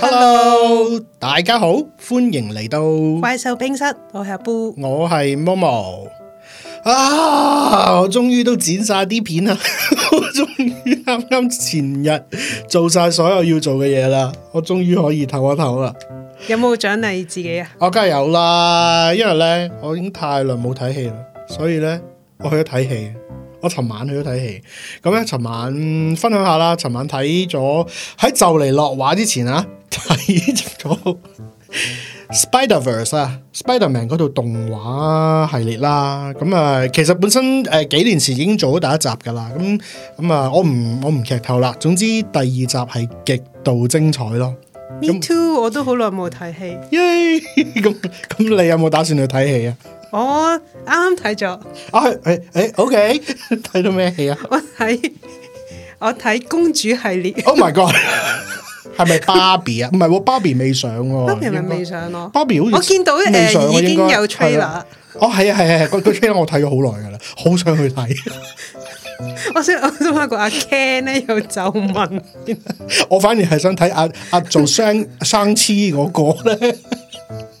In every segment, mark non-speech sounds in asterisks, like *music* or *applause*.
hello，, hello. 大家好，歡迎嚟到怪獸冰室。我係阿 Boo 我係 Momo 啊！我終於都剪晒啲片啦， *laughs* 我終於啱啱前日做晒所有要做嘅嘢啦，我終於可以透一透啦。有冇獎勵自己啊？ *laughs* 我梗係有啦，因為咧我已經太耐冇睇戲啦，所以咧我去咗睇戲。我尋晚去咗睇戲，咁咧，尋晚、嗯、分享下啦。尋晚睇咗喺就嚟落畫之前 verse，啊，睇咗 Spider Verse 啊，Spider Man 嗰套動畫系列啦。咁啊，其實本身誒、呃、幾年前已經做咗第一集噶啦。咁、啊、咁啊，我唔我唔劇透啦。總之第二集係極度精彩咯。Me too，我都好耐冇睇戲。耶！咁咁， *laughs* 你有冇打算去睇戲啊？我啱啱睇咗，啊，誒誒，OK，睇到咩戲啊？我睇我睇公主系列，Oh my God，係咪芭比啊？唔係，芭比未上，啊，芭比咪未上咯。芭比好似，我見到誒、呃啊、已經有 trailer，哦係啊係係係，佢佢 trailer 我睇咗好耐噶啦，好想去睇 *laughs* 。我想我想問個阿 Ken 咧有皺紋， *laughs* 我反而係想睇阿阿做生生痴嗰個咧。 *laughs*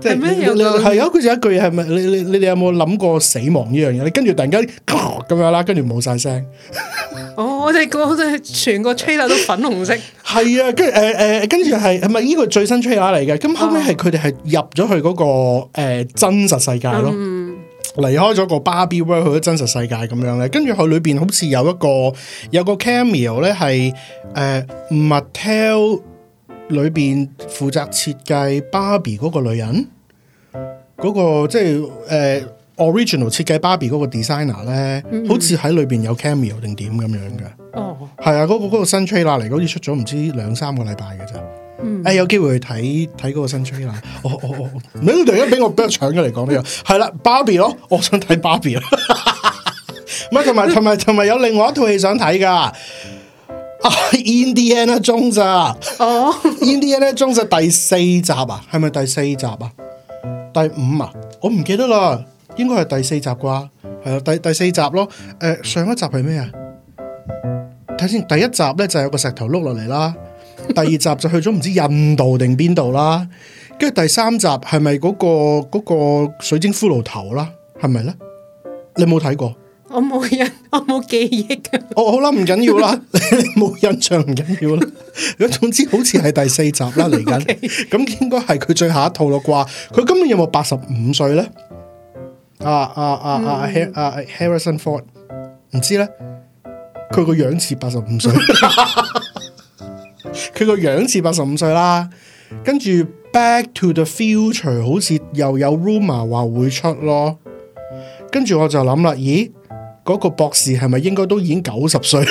即係，係啊！佢就一句嘢係咪？你你你哋有冇諗過死亡呢樣嘢？你跟住突然間咁、呃、樣啦，跟住冇晒聲。 *laughs* 哦，我就我就全個 trailer 都粉紅色。係 *laughs* 啊，跟住誒誒，跟住係係咪呢個最新 trailer 嚟嘅？咁後尾係佢哋係入咗去嗰、那個誒、呃、真實世界咯，離、嗯、開咗個 Barbie World 去咗真實世界咁樣咧。跟住佢裏邊好似有一個有一個 cameo 咧係誒 Mattel。呃 Matt 裏邊負責設計芭比嗰個女人，嗰、那個即係誒、呃、original 設計芭比嗰個 designer 咧，mm hmm. 好似喺裏邊有 cameo 定點咁樣噶、mm hmm. 欸 *laughs* 哦。哦，係、哦、啊，嗰個個新 trailer 嚟，好似出咗唔知兩三個禮拜嘅咋。誒，有機會去睇睇嗰個新 trailer。我我我，突然間俾我俾我搶嘅嚟講咧，係啦，芭比咯，我想睇芭比啊。唔 *laughs* 係，同埋同埋同埋有另外一套戲想睇噶。啊，Indiana Jones 啊，咋？Indiana Jones 啊，終第四集啊，係咪第四集啊？第五啊？我唔記得啦，應該係第四集啩？係啊，第第四集咯。誒、呃，上一集係咩啊？睇先，第一集咧就是、有個石頭碌落嚟啦，第二集就去咗唔知印度定邊度啦，跟住第三集係咪嗰個、那個水晶骷髏頭啦？係咪咧？你冇睇過？我冇印，我冇記憶嘅、啊。哦，好啦，唔緊要啦，冇印象唔緊要啦。咁總之好似係第四集啦，嚟緊。咁 *laughs* Okay. 應該係佢最後一套咯啩？佢今年有冇八十五歲咧？啊啊啊啊！啊，啊、嗯 ha uh,！Harrison Ford 唔知咧，佢個樣似八十五歲。佢個 *laughs* *laughs* *laughs* 樣似八十五歲啦。跟住 Back to the Future 好似又有 rumour 話會出咯。跟住我就諗啦，咦？嗰個博士係咪應該都已經九十歲？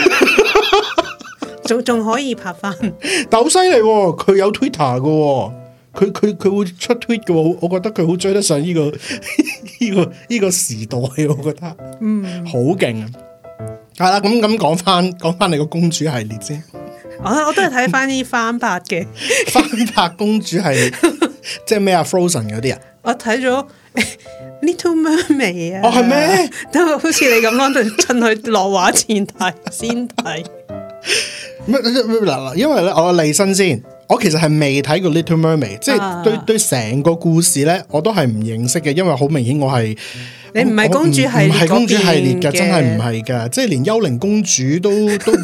仲 *laughs* 仲可以拍翻？斗犀利，佢有 Twitter 嘅。哦，佢佢佢會出 tweet 嘅，我覺得佢好追得上呢，呢個呢、 *laughs* 呢個呢、呢個時代，我覺得，嗯，好勁啊！係、嗯、啦，咁咁講翻講翻你個公主系列啫，我我都係睇翻啲翻拍嘅翻拍公主系列！即係咩啊 Frozen 嗰啲啊，我睇咗。Little Mermaid 啊，哦係咩？等好似你咁咯，進 *laughs* 去落畫前睇先睇。 *laughs* 因為咧，我嚟身先，我其實係未睇過 Little Mermaid 即係對、啊、對成個故事咧，我都係唔認識嘅。因為好明顯，我係你唔係公主係係公主系列嘅不，真係唔係噶。即係連幽靈公主都都 *laughs*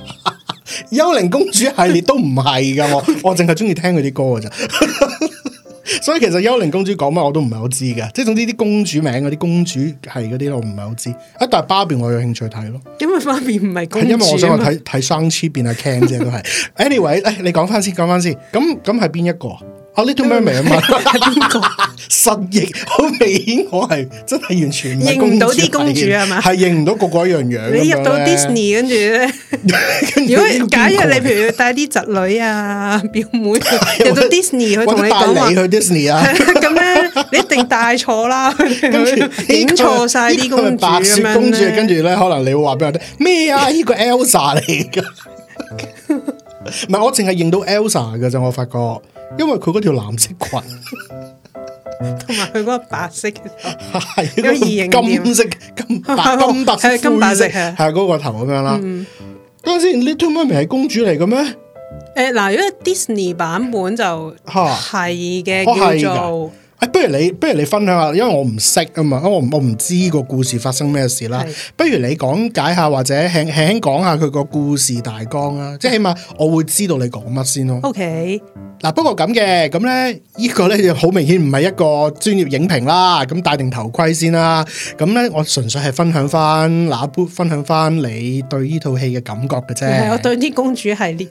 *laughs* 幽靈公主系列都唔係噶。我我淨係中意聽佢啲歌噶咋。 *laughs* 所以其實幽靈公主講乜我都唔係好知嘅，即係總之啲公主名嗰啲公主係嗰啲我唔係好知，啊但係芭比我有興趣睇咯。因為芭比唔係公主，因為我想去睇睇 Shang-Chi 變阿 Ken 啫都係。Anyway，誒你講翻先，講翻先，咁咁係邊一個？，Little Mermaid 我呢套咩名啊？邊個？失憶，好明顯，我係真係完全認唔到啲公主係嘛？係認唔到個個一樣樣。你入到 Disney 跟住咧，如果假如你譬如帶啲侄女啊、表妹入到 Disney，去同你講話去 Disney 啊，咁咧你一定帶錯啦，跟住影錯晒啲公主。白雪公主跟住咧，可能你會話俾我聽咩啊？呢個 Elsa 嚟噶，唔係，我淨係認到 Elsa 噶咋，我發覺。.因為佢嗰條藍色裙，同埋佢嗰個白色嘅有異形 *laughs* 金色金白金白色，色 *laughs* 金白色係嗰 *laughs* 個頭咁樣啦。嗰陣時，Little Mermaid 係公主嚟嘅咩？誒，嗱，如果係 Disney 版本就係嘅、啊、叫做誒、哦啊，不如你不如你，不如你分享下，因為我唔識啊嘛，我我唔知個故事發生咩事啦。嗯、不如你講解下或者輕輕講下佢個故事大綱啊，即係起碼我會知道你講乜先咯。OK。 *laughs* *laughs* 嗱，不過咁嘅，咁咧，呢個咧就好明顯唔係一個專業影評啦，咁戴定頭盔先啦，咁咧我純粹係分享翻，拿布分享翻你對呢套戲嘅感覺嘅啫，係我對啲公主系列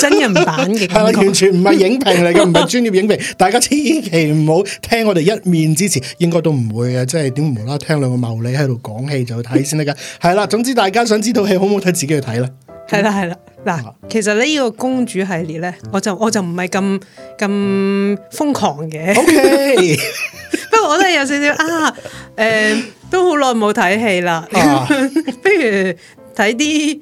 真人版嘅係啊，完全唔係影評嚟嘅，唔係專業影評， *laughs* *laughs* 大家千祈唔好聽我哋一面之詞，應該都唔會啊。即係點唔啦聽兩個茂利喺度講戲就去睇先得噶，係啦，總之大家想知套戲好唔好睇，自己去睇啦，係啦，係啦。嗱，其實呢個公主系列咧，我就我就唔係咁咁瘋狂嘅。O Okay . K， *laughs* 不過我都係有少少啊，誒、呃，都好耐冇睇戲啦。不、oh. *laughs* 如睇啲誒，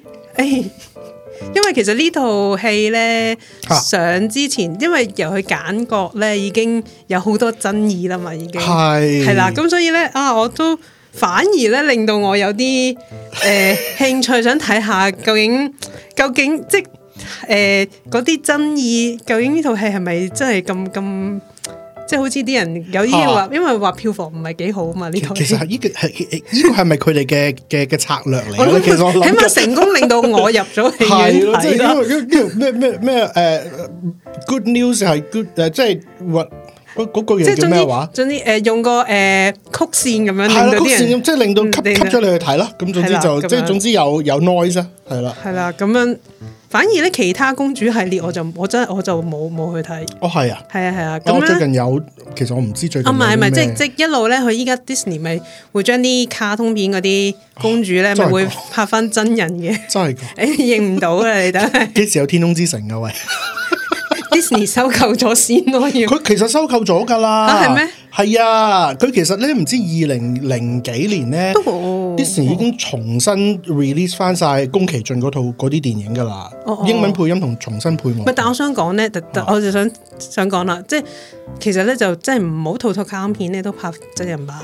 因為其實呢套戲咧上之前，因為由佢揀角咧已經有好多爭議啦嘛，已經係係是啦。咁所以咧啊，我都。反而咧，令到我有啲誒、呃、興趣想睇下究竟究竟即係誒嗰啲爭議究竟呢套戲係咪真係咁咁即係好似啲人有啲話，啊，因為話票房唔係幾好嘛呢套，其實呢個係呢個係咪佢哋嘅嘅嘅策略嚟咧？ *laughs* 其實我起碼成功令到我入咗戲院睇咯。咩咩咩誒，good news 係 good 誒，即係、呃嗰句嘢叫咩話？總之誒，用個誒曲線咁樣，係啦，曲線咁，即係令到吸吸出嚟去睇咯。咁總之就即係總之有有 noise 係啦，係啦咁樣。反而咧，其他公主系列我就我真係我就冇冇去睇。哦，係啊，係啊，係啊。咁最近有，其實我唔知最唔係唔係，即係即係一路咧。佢依家 Disney 咪會將啲卡通片嗰啲公主咧，咪會拍翻真人嘅。真係噶，你認唔到啊？你等下幾時有天空之城啊？喂！迪士尼收購咗先咯，佢其實收購咗噶啦，吓係咩？係啊，佢其實咧唔知二零零幾年咧，Disney 已經重新 release 翻晒宮崎駿嗰套嗰啲電影噶啦，英文配音同重新配。唔但我想講咧，我就想想講啦，即係其實咧就真係唔好套套卡通片咧都拍真人版，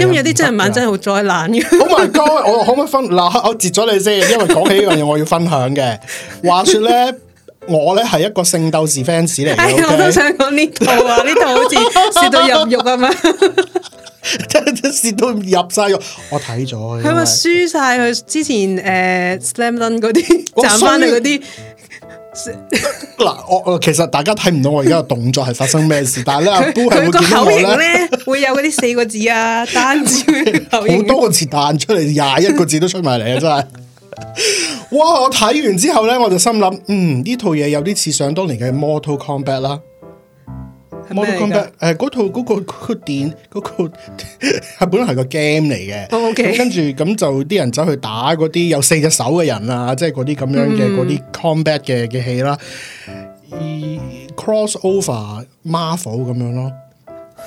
因為有啲真人版真係好災難嘅。好埋該，我可唔可以分？嗱，我截咗你先，因為講起呢樣嘢我要分享嘅。話說咧。我咧係一個聖鬥士 fans 嚟嘅，我都想講呢套啊，呢套 *laughs* 好似蝕到、啊、 *laughs* *laughs* 到入肉啊嘛，真係蝕到入晒肉。我睇咗，佢咪輸晒佢之前誒 slam dunk 嗰啲，賺翻嚟嗰啲。嗱，我 *laughs* 其實大家睇唔到我而家嘅動作係發生咩事，但係咧都係會見到咧，會有嗰啲四個字啊，單字，好 *laughs* 多個字彈出嚟，廿 *laughs* 一個字都出埋嚟啊，真係。哇！我睇完之後咧，我就心諗，嗯，呢套嘢有啲似上當年嘅《Mortal Kombat》啦，《Mortal Kombat、呃》誒，嗰套嗰個嗰、那個電嗰、那個係、那個、 *laughs* 本來係個 game 嚟嘅。O K，跟住咁就啲人走去打嗰啲有四隻手嘅人啊，即係嗰啲咁樣嘅嗰啲 combat 嘅嘅戲啦，而 Crossover Marvel 咁樣咯，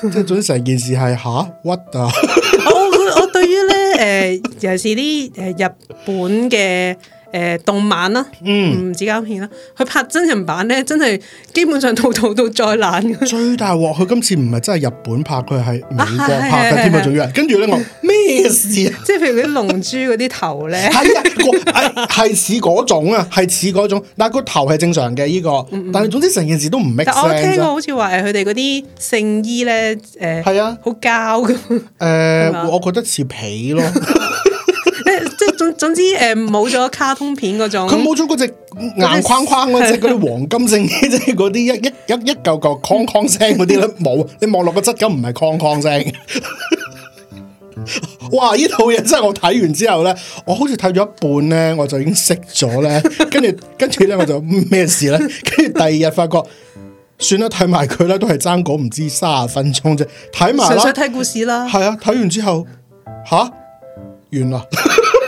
即係總之成件事係吓屈啊！我我對於於 *laughs* 誒 *laughs* 尤其是啲誒日本嘅。誒、呃、動漫啦、啊，嗯，唔止膠片啦，佢、啊、拍真人版咧，真係基本上套套都再爛嘅。最大鑊佢今次唔係真係日本拍，佢係美國拍嘅天幕組人。跟住咧，我咩事啊？即係譬如嗰啲龍珠嗰啲頭咧，係 *laughs* 啊，係似嗰種啊，係似嗰種，但係個頭係正常嘅依、這個。嗯嗯、但係總之成件事都唔明。」我聽過好似話係佢哋嗰啲聖衣咧，誒、呃、係啊，好膠噉。誒吧，我覺得似皮咯。總之誒，冇、呃、咗卡通片嗰種，佢冇咗嗰隻硬框框嗰隻嗰啲黃金聲，即係嗰啲一一一一嚿嚿框框聲嗰啲咧，冇。你望落個質感唔係框框聲。 *laughs* 哇！呢套嘢真係我睇完之後咧，我好似睇咗一半咧，我就已經熄咗咧。跟住跟住咧，我就咩事咧？跟住第二日發覺，算啦，睇埋佢咧都係爭嗰唔知三十分鐘啫，睇埋。純粹睇故事啦。係啊，睇完之後，吓，完啦。 *laughs*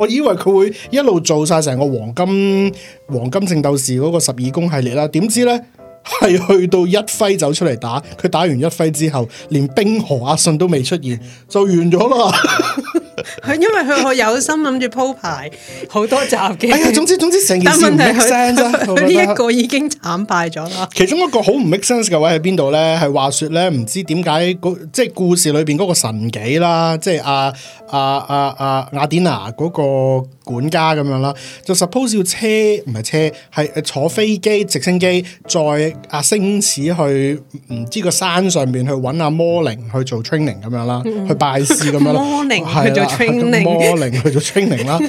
我以為佢會一路做晒成個黃金黃金聖鬥士嗰個十二宮系列啦，點知呢，係去到一輝走出嚟打，佢打完一輝之後，連冰河阿信都未出現，就完咗啦.。 *laughs* 佢 *laughs* 因為佢好有心諗住鋪排好多集嘅，哎呀，總之總之成件事唔 make sense 啦。佢呢一個已經慘敗咗啦。其中一個好唔 make sense 嘅位喺邊度咧？係話說咧，唔知點解即係故事裏邊嗰個神幾啦，即係阿阿阿阿雅典娜嗰個管家咁樣啦，就 suppose 要車唔係車，係坐飛機直升機再阿、啊、星矢去唔知個山上邊去搵阿魔靈去做 training 咁樣啦，嗯、去拜師咁樣啦，係。 *laughs* Morning 去做 Morning 啦，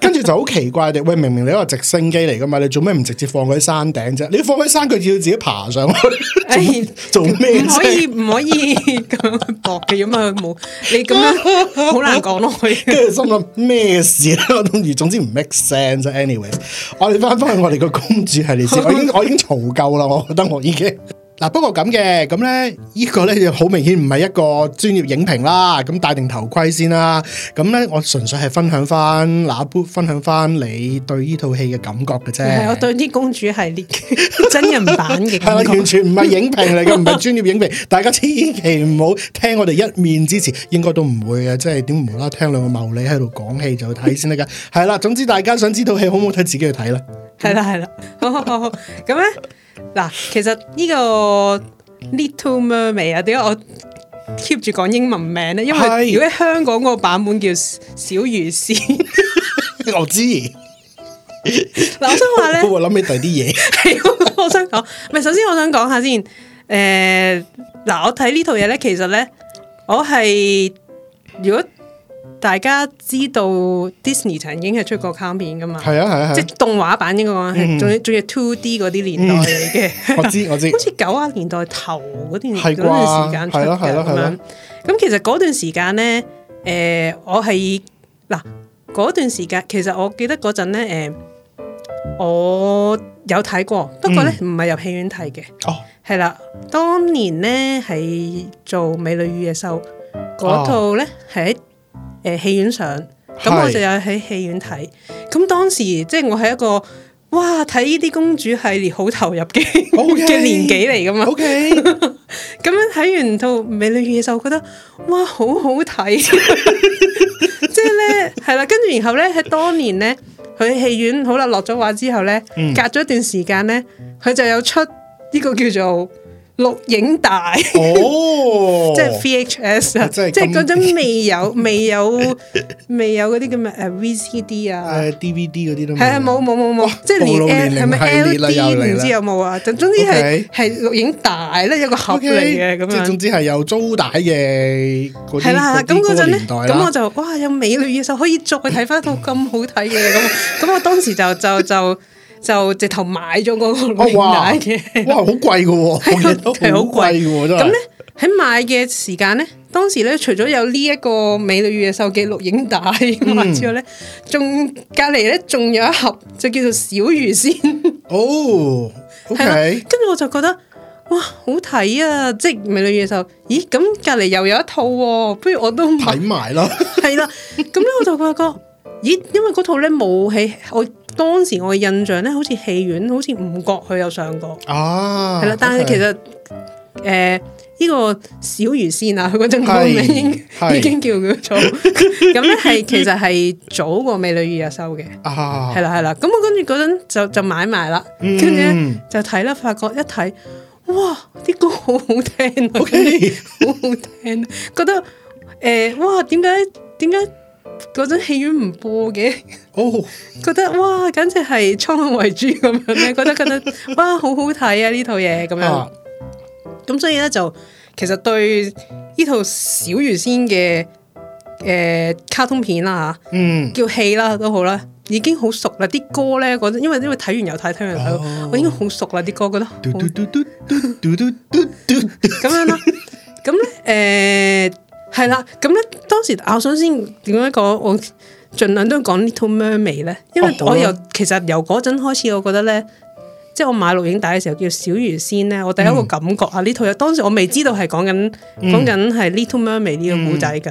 跟住就好奇怪嘅。喂，明明你都係直升機嚟㗎嘛，你做咩唔直接放佢喺山頂啫？你放喺山，佢要自己爬上去。做咩？唔可以唔可以咁搏嘅嘛？冇你咁樣，好難講咯。跟住心諗咩事咧？我諗住，總之唔 make sense。Anyway，我哋翻翻去我哋個公主系列先。我已我已經嘈夠啦，我覺得我已經。嗱，不過咁嘅，咁咧，呢個咧就好明顯唔係一個專業影評啦，咁戴定頭盔先啦，咁咧我純粹係分享翻，Ar Boo 分享翻你對呢套戲嘅感覺嘅啫。係，我對啲公主系列真人版嘅係 *laughs* 完全唔係影評嚟嘅，唔係專業影評， *laughs* 大家千祈唔好聽我哋一面之詞，應該都唔會嘅，即係點唔啦聽兩個茂利喺度講戲就睇先得噶。係啦， *laughs* 總之大家想知套戲好唔好睇，自己去睇啦。係啦，係啦，好好好，咁咧。嗱，其實呢個 Little Mermaid 點解我 keep 住講英文名咧？因為如果喺香港個版本叫小魚仙， *laughs* 我知道 *laughs* *laughs* 我。嗱，我想話咧，我諗起第啲嘢。係，我想講，唔係，首先我想講下先。誒，嗱，我睇呢套嘢咧，其實咧，我係如果。大家知道 Disney 曾經係出過卡片噶嘛？係啊，係啊，即動畫版應該講係，仲要仲要 two D 嗰啲年代嚟嘅、嗯的。我知我知， *laughs* 好似九十年代頭嗰段，係啩時間出嘅，咁咁其實嗰段時間咧，誒、呃，我係嗱嗰段時間，其實我記得嗰陣咧，誒、呃，我有睇過，不過咧唔係入戲院睇嘅、嗯。哦，係啦，當年咧係做《美女與野獸》嗰套咧係。誒，戲院上，咁我就有喺戲院睇，咁是當時即係我係一個哇，睇呢啲公主系列好投入嘅 Okay, *laughs* 年紀嚟㗎嘛，OK，咁 *laughs* 樣睇完套《美女與野獸》覺得哇，好好睇，即係咧，係啦，跟住然後咧喺當年咧，佢戲院好啦落咗畫之後咧，嗯、隔咗一段時間咧，佢就有出呢個叫做。錄影帶，即係 VHS 啊，即係嗰種未有、未有、未有嗰啲咁嘅誒 VCD 啊，DVD 嗰啲都係啊，冇冇冇冇，即係連 L 係咪 LD 唔知有冇啊，總之係係錄影帶咧，有個盒嚟嘅咁樣，即係總之係有租帶嘅。係啦，咁嗰陣咧，咁我就哇有美女嘅時候可以再睇翻套咁好睇嘅咁，咁我當時就就就。就直頭買咗嗰個錄影帶嘅，哇，好貴噶喎，係好貴噶喎，真係。咁咧喺買嘅時間咧，當時咧除咗有呢一個美女與野獸嘅錄影帶之外咧，仲隔籬咧仲有一盒就叫做小魚仙。哦，OK，跟住我就覺得哇，好睇啊！即係美女與野獸，咦？咁隔籬又有一套，不如我都睇埋咯，係啦。咁咧我就發覺，咦？因為嗰套咧冇喺我。當時我嘅印象咧，好似戲院，好似唔覺佢有上過，係啦、啊。但係其實誒呢、嗯呃呢個小魚仙啊，嗰陣歌名已經，已經叫佢做咁咧，係 *laughs* 其實係早過美女與野獸嘅，係啦係啦。咁我跟住嗰陣就就買埋啦，跟住、嗯、就睇啦，發覺一睇，哇啲歌好好聽，好好聽、啊，覺得誒、呃、哇點解點解？嗰陣戲院唔播嘅，哦，覺得哇，簡直係倉皇為主咁樣咧，覺得覺得哇，好好睇啊呢套嘢咁樣，咁所以咧就，其實對呢套小魚仙嘅誒卡通片啦吓，嗯，叫戲啦都好啦，已經好熟啦，啲歌咧嗰，因為因為睇完又睇，睇完又睇，我已經好熟啦啲歌，覺得，嘟嘟嘟嘟嘟嘟嘟嘟，咁樣啦，咁咧誒。係啦，咁咧當時我想先點樣講，我盡量都講呢套 Little Mermaid 咧，因為我又、oh, 其實由嗰陣開始，我覺得咧，即、就、係、是、我買錄影帶嘅時候叫小魚仙咧，我第一個感覺啊，呢套有當時我未知道係講緊講緊係 Little Mermaid 呢個故仔嘅，咁、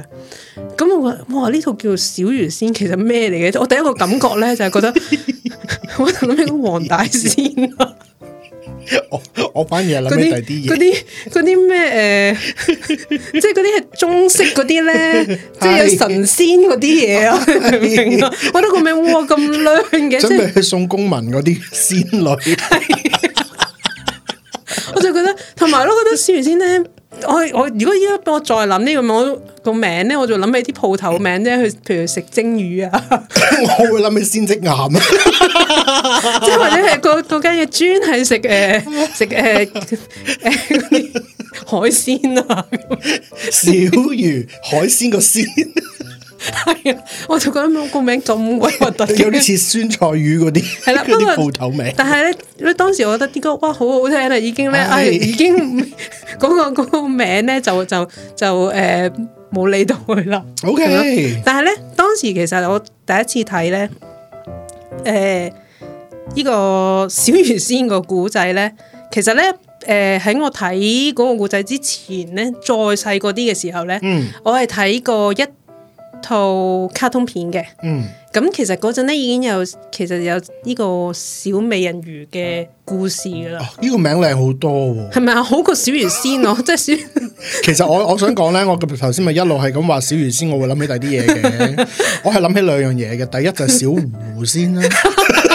嗯嗯、我話哇呢套叫做小魚仙其實咩嚟嘅？我第一個感覺咧就係覺得 *laughs* *laughs* 我就諗起黃大仙啊！我我反而係諗起第啲嘢，嗰啲啲咩誒，呃、 *laughs* 即係嗰啲係中式嗰啲咧， *laughs* 是即係有神仙嗰啲嘢啊！ *laughs* 是 *laughs* *laughs* 我覺得個名哇咁靚嘅，哦、準備去送公民嗰啲仙女， *laughs* *laughs* *laughs* 我就覺得，同埋咯，覺得試完先呢？我我如果依家俾我再諗呢個，我個名咧，我就諗起啲鋪頭名啫。去譬如食蒸魚啊， *laughs* *laughs* 我會諗起鮮汁眼啊，即 *laughs* 係 *laughs* 或者係嗰嗰間嘢專係食誒食誒誒海鮮啊， *laughs* 小魚海鮮個鮮。 *laughs* 係啊， *laughs* 我就覺得個名咁鬼核突，有啲似酸菜魚嗰啲 *laughs* *laughs* 店，係啦，不過鋪頭名。但係咧，當時我覺得啲歌哇，好好聽啦，已經咧，唉、 *laughs* 哎，已經嗰個嗰個名咧，就就就誒，冇、呃、理到佢啦。OK，但係咧，當時其實我第一次睇咧，誒、呃，呢個小魚仙個古仔咧，其實咧，誒、呃、喺我睇嗰個古仔之前咧，再細個啲嘅時候咧，我係睇過一套卡通片嘅，嗯，咁其實嗰陣咧已經有，其實有呢個小美人魚嘅故事噶啦，呢、啊這個名靚好多，哦，係咪啊？好過小魚仙咯，哦，即係小，其實我我想講咧，我頭先咪一路係咁話小魚仙，我會諗起第啲嘢嘅， *laughs* 我係諗起兩樣嘢嘅，第一就係小狐仙啦。 *laughs*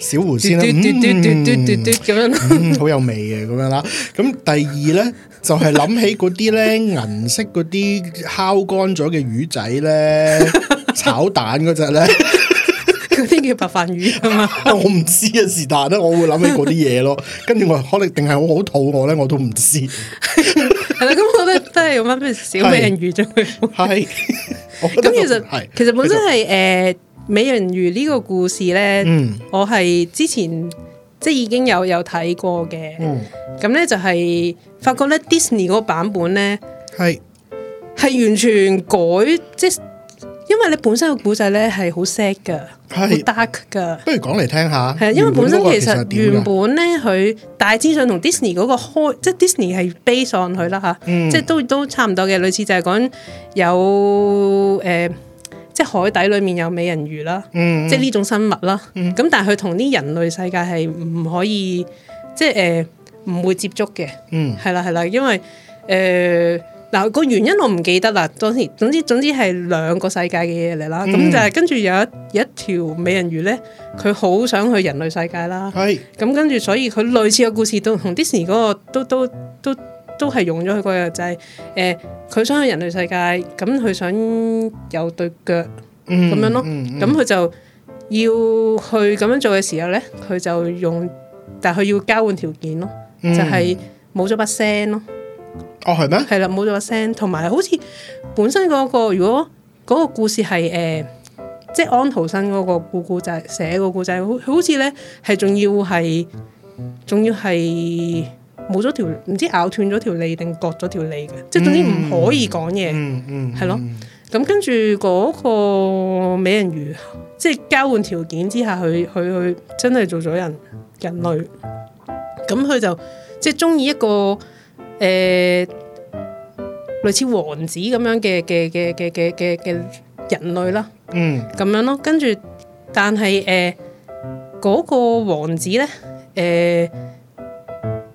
小魚仙啦，咁樣好有味嘅咁樣啦。咁第二咧，就係諗起嗰啲咧銀色嗰啲烤乾咗嘅魚仔咧，炒蛋嗰隻咧，嗰啲叫白飯魚啊嘛。我唔知啊，是但啦，我會諗起嗰啲嘢咯。跟住我可能定係我好肚餓咧，我都唔知。係啦，咁我覺得都係咁樣，不如小美人魚啫。係，咁其實其實本身係誒。美人魚呢個故事咧，嗯、我係之前即係已經有有睇過嘅，咁咧、嗯、就係、是、發覺咧 Disney 嗰個版本咧係係完全改，即係因為你本身個古仔咧係好 sad 噶，好 dark 噶，是不如講嚟聽下。係啊，因為本身其實原本咧佢大致上同 Disney 嗰個開，即係 Disney 係 base on 佢啦吓，嗯、即係都都差唔多嘅，類似就係、是、講有誒。有呃呃即係海底裡面有美人魚啦，嗯嗯即係呢種生物啦。咁、嗯、但係佢同啲人類世界係唔可以，嗯、即係誒唔會接觸嘅。係啦係啦，因為誒嗱、呃嗰個原因我唔記得啦。當時總之總之係兩個世界嘅嘢嚟啦。咁、嗯、就係跟住有一一條美人魚咧，佢好想去人類世界啦。係咁、嗯、跟住，所以佢類似嘅故事都同 Disney 嗰個都都都。都都都都都係用咗佢嗰樣就係，誒，佢想去人類世界，咁佢想有對腳咁樣咯，咁佢就要去咁樣做嘅時候咧，佢就用，但係佢要交換條件咯，就係冇咗把聲咯。哦，係咩？係啦，冇咗把聲，同埋好似本身嗰個如果嗰個故事係誒，即係安徒生嗰個故故仔寫個故仔，好好似咧係仲要係仲要係。冇咗條，唔知咬斷咗條脷定割咗條脷嘅，即係總之唔可以講嘢，嗯嗯，係咯。咁跟住嗰個美人魚，即係交換條件之下，佢佢佢真係做咗人人類。咁佢就即係中意一個誒類似王子咁樣嘅嘅嘅嘅嘅嘅嘅人類啦。嗯，咁樣咯。跟住，但係誒嗰個王子咧，誒。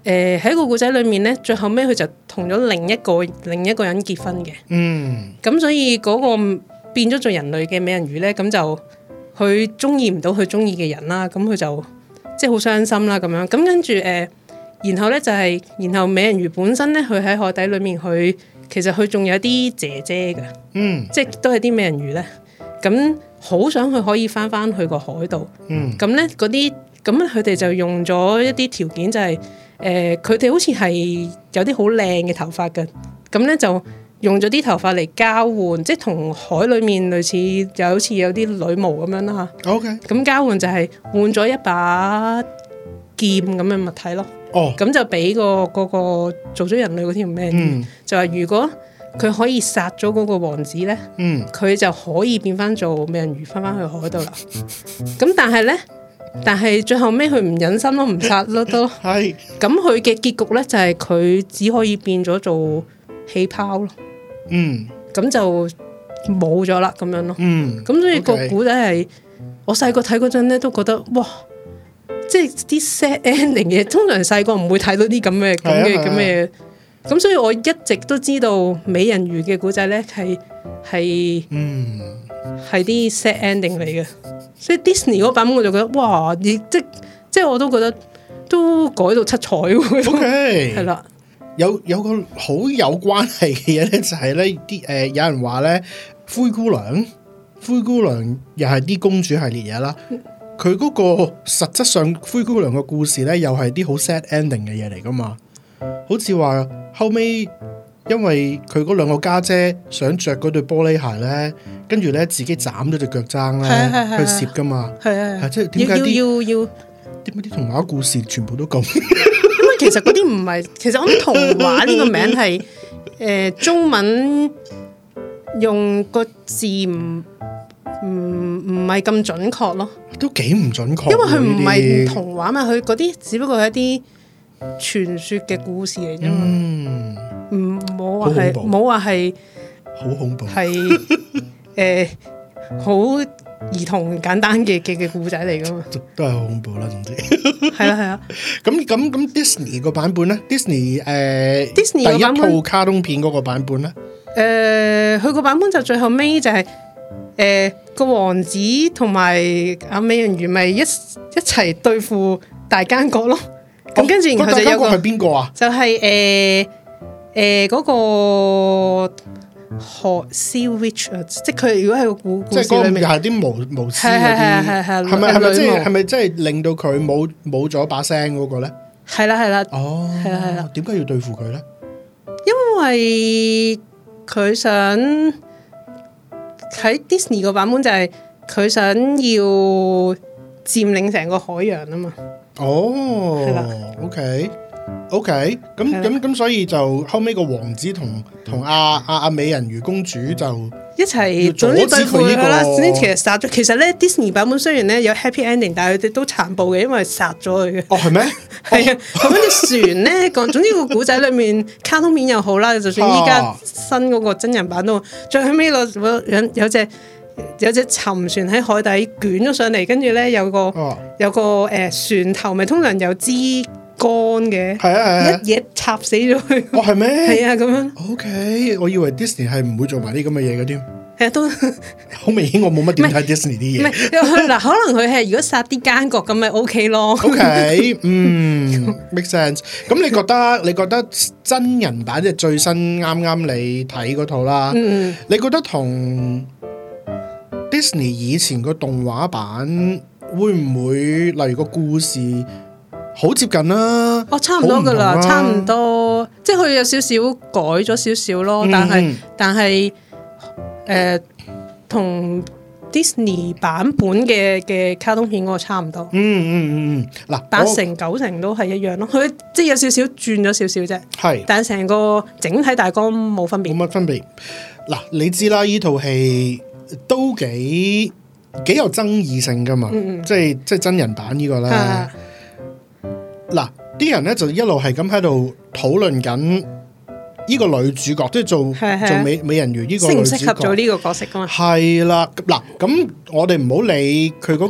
誒喺、呃、個故仔裏面咧，最後尾佢就同咗另一個另一個人結婚嘅。嗯。咁所以嗰個變咗做人類嘅美人魚咧，咁就佢中意唔到佢中意嘅人啦。咁佢就即係好傷心啦。咁樣，咁跟住誒、呃，然後咧就係、是、然後美人魚本身咧，佢喺海底裏面，佢其實佢仲有啲姐姐嘅。嗯。即係都係啲美人魚咧，咁好想佢可以翻翻去個海度。咁咧，嗰啲咁佢哋就用咗一啲條件就係、是。誒，佢哋、呃、好似係有啲好靚嘅頭髮㗎，咁咧就用咗啲頭髮嚟交換，即係同海裡面類似，就好似有啲女巫咁樣啦嚇。OK，咁、嗯嗯、交換就係換咗一把劍咁嘅物體咯。哦、oh.，咁就俾個嗰個做咗人類嗰條命，就話如果佢可以殺咗嗰個王子咧，嗯，佢就可以變翻做美人魚，翻翻去海度啦。咁 *laughs* *laughs* 但係咧。但係最後尾，佢唔忍心咯，唔殺咯，都，咯 *laughs* 的。係咁佢嘅結局咧，就係、是、佢只可以變咗做氣泡咯。 *laughs* *music* 嗯，咁就冇咗啦，咁樣咯。嗯，咁所以個古仔係我細個睇嗰陣咧，都覺得哇，即係啲 sad ending 嘅，通常細個唔會睇到啲咁嘅，咁嘅，咁嘅、 *laughs* 嗯。的咁所以我一直都知道美人魚嘅古仔咧，係係係啲 sad ending 嚟嘅，所以 Disney 嗰版本我就覺得哇，亦即即係我都覺得，覺得都改到七彩。OK 係啦，有有個好有關係嘅嘢咧，就係咧啲誒，有人話咧灰姑娘，灰姑娘又係啲公主系列嘢啦，佢嗰、嗯、個實質上灰姑娘嘅故事咧，又係啲好 sad ending 嘅嘢嚟噶嘛。好似話後尾，因為佢嗰兩個家姐，姐想着嗰對玻璃鞋咧，跟住咧自己斬咗隻腳踭咧去攝噶嘛，係係係，即係點解啲要？點解啲童話故事全部都咁？因為其實嗰啲唔係， *laughs* 其實我諗童話呢個名係誒、呃、中文用個字唔唔唔係咁準確咯，都幾唔準確。因為佢唔係童話嘛，佢嗰啲只不過係一啲。傳說嘅故事嚟啫，唔好話係，冇話係，好恐怖，係誒，好兒童簡單嘅嘅嘅故仔嚟噶嘛，都係好恐怖啦，總之係啦係啊，咁咁咁 Disney，、呃、Disney 版個版本咧，Disney 誒，Disney 嘅版本，第一套卡通片嗰個版本咧，誒，佢個版本就最後尾就係、是，誒、呃，個王子同埋啊美人魚咪一一齊對付大奸角咯。咁跟住，哦，然後就一個係邊個啊？就係誒誒嗰個何斯維特，即係佢如果係個古，即係嗰又係啲巫巫師嗰啲，係係係。係咪係咪即係係咪即係令到佢冇冇咗把聲嗰個咧？係啦係啦，哦，係啊係啊，點解要對付佢咧？因為佢想喺 Disney 個版本就係佢想要佔領成個海洋啊嘛。哦，OK，OK，咁咁咁，所以就後尾個王子同同阿阿阿美人魚公主就、這個、一齊，總之對換啦。總之其實殺咗，其實咧 Disney 版本雖然咧有 happy ending，但係佢哋都殘暴嘅，因為殺咗佢嘅。哦，係咩？係啊，咁樣隻船咧，講總之個古仔裏面， *laughs* 卡通片又好啦，就算依家新嗰個真人版都最後尾，有有隻。有隻沉船喺海底捲咗上嚟，跟住咧有個有個誒船頭咪通常有支桿嘅，一嘢插死咗佢。哦，係咩？係啊，咁樣。O K，我以為 Disney 係唔會做埋啲咁嘅嘢嘅添。係啊，都好明顯，我冇乜點睇 Disney 啲嘢。唔係，嗱，可能佢係如果殺啲奸角咁，咪 O K 咯。O K，嗯，make sense。咁你覺得？你覺得真人版即係最新啱啱你睇嗰套啦。嗯嗯。你覺得同？Disney 以前個動畫版會唔會，例如個故事好接近啦，哦，差唔多噶啦，差唔多，即係佢有少少改咗少少咯，但係但係，誒，同 Disney 版本嘅嘅卡通片嗰個差唔多，嗯嗯嗯嗯，嗱，八成九成都係一樣咯，佢即係有少少轉咗少少啫，係，但係成個整體大綱冇分別，冇乜分別，嗱，你知啦，呢套戲。都幾幾有爭議性噶嘛，嗯、即係即係真人版呢個咧。嗱、啊，啲人咧就一路係咁喺度討論緊呢個女主角，嗯、即係做、啊、做美美人魚呢個女主角，適唔適合做呢個角色噶嘛？係啦，嗱，咁我哋唔好理佢嗰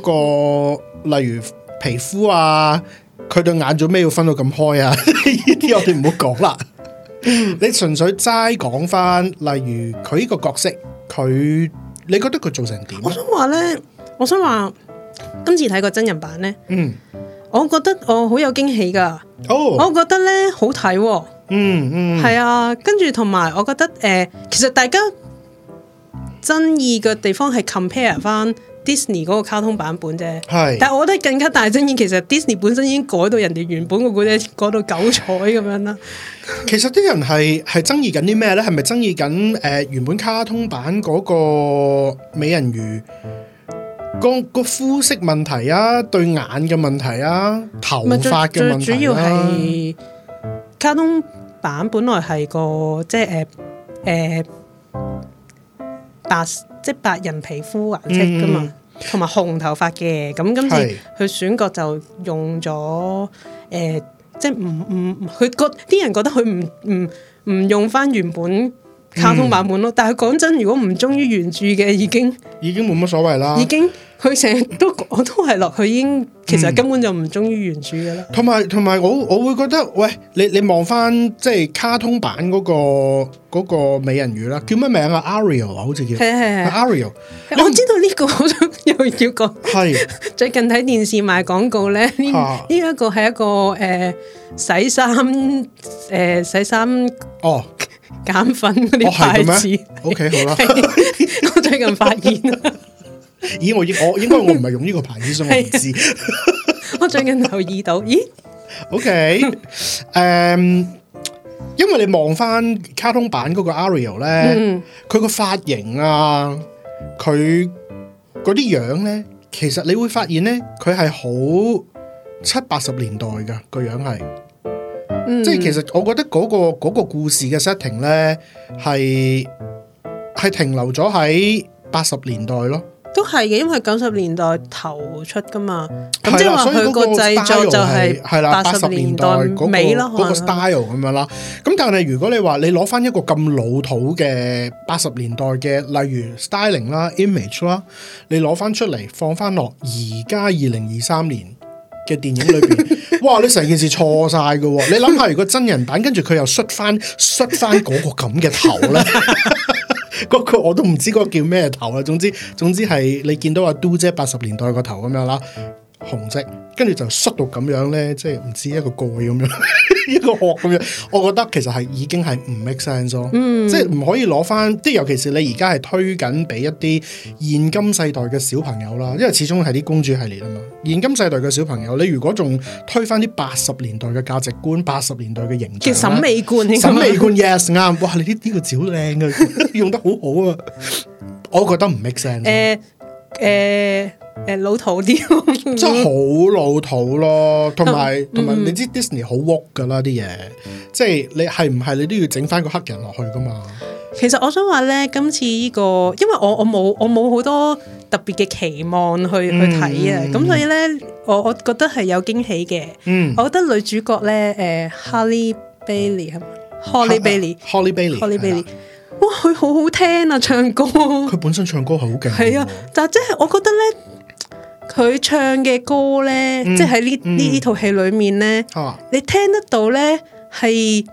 個，例如皮膚啊，佢對眼做咩要分到咁開啊？呢 *laughs* 啲我哋唔好講啦。 *laughs* 你純粹齋講翻，例如佢呢個角色，佢。你覺得佢做成點？我想話咧，我想話今次睇個真人版咧，嗯，mm. 我覺得我、哦、好有驚喜㗎，哦，oh. 我覺得咧好睇、哦，嗯嗯、mm，係、hmm. 啊，跟住同埋我覺得誒、呃，其實大家爭議嘅地方係 compare 返。Disney 嗰個卡通版本啫，是但係我覺得更加大爭議，其實 Disney 本身已經改到人哋原本個故事改到九彩咁樣啦。 *laughs* 其實啲人係係爭議緊啲咩咧？係咪爭議緊誒、呃、原本卡通版嗰個美人魚個個膚色問題啊、對眼嘅問題啊、頭髮嘅問題啦、啊？主要係卡通版本來係個即係誒誒即白人皮膚顏色噶嘛，同埋、mm hmm. 紅頭髮嘅，咁今次佢選角就用咗誒、呃，即唔唔，佢覺啲人覺得佢唔唔唔用翻原本。卡通版本咯，但係講真，如果唔忠於原著嘅，已經已經冇乜所謂啦。已經佢成日都我都係落，去，已經其實根本就唔忠於原著嘅啦。同埋同埋，我我會覺得，喂，你你望翻即係卡通版嗰、嗰個、嗰個美人魚啦，叫乜名啊？Ariel 好似叫係係係 Ariel 我知道呢、呢個，我都要講係最近睇電視賣廣告咧，呢呢是 *laughs* 一個係一個誒洗衫誒、呃、洗衫哦。 *laughs* 減粉嗰啲牌子、哦、 *laughs* ？OK 好啦，我最近發現，咦？我應我應該我唔係用呢個牌子，所以我唔知。我最近留意到，咦？O K，誒，因為你望翻卡通版嗰個 Ariel 咧，佢個髮型啊，佢嗰啲樣咧，其實你會發現咧，佢係好七八十年代噶個樣係。即係、嗯、其實我覺得嗰、嗰個、嗰個故事嘅 setting 咧，係係停留咗喺八十年代咯，都係嘅，因為九十年代頭出噶嘛，咁、嗯、即係話佢個製作就係係啦八十年代嗰、就係嗰個啦個 style 咁樣啦。咁但係如果你話你攞翻一個咁老土嘅八十年代嘅，例如 styling 啦、image 啦，你攞翻出嚟放翻落而家二零二三年嘅電影裏邊。 *laughs* 哇！你成件事錯晒噶， *laughs* 你諗下如果真人版跟住佢又削翻削翻嗰個咁嘅頭咧，嗰 *laughs* *laughs* 個我都唔知嗰個叫咩頭啦。總之總之係你見到阿嘟姐八十年代個頭咁樣啦。紅色，跟住就縮到咁樣呢，即係唔知一個蓋咁樣，一個殼咁樣。我覺得其實係已經係唔 make sense 咯，嗯、即係唔可以攞翻，即係尤其是你而家係推緊俾一啲現今世代嘅小朋友啦，因為始終係啲公主系列啊嘛。現今世代嘅小朋友，你如果仲推翻啲八十年代嘅價值觀，八十年代嘅形象，審美觀，審美觀樣，yes 啱。哇，你呢、這、呢個字、這個、好靚嘅， *laughs* 用得好好啊，我覺得唔 make sense。欸誒誒老土啲，真係好老土咯，同埋同埋你知 Disney 好 work 噶啦啲嘢，即係你係唔係你都要整翻個黑人落去噶嘛？其實我想話咧，今次呢個，因為我我冇我冇好多特別嘅期望去去睇啊，咁所以咧，我我覺得係有驚喜嘅，嗯，我覺得女主角咧，誒，Halle Bailey 係嘛，Halle Bailey，Halle Bailey，Halle Bailey。.哇，佢好好聽啊，唱歌。佢本身唱歌係好勁。係啊，但係、啊、即係我覺得咧，佢唱嘅歌咧，嗯、即係喺呢呢呢套戲裏面咧，啊、你聽得到咧係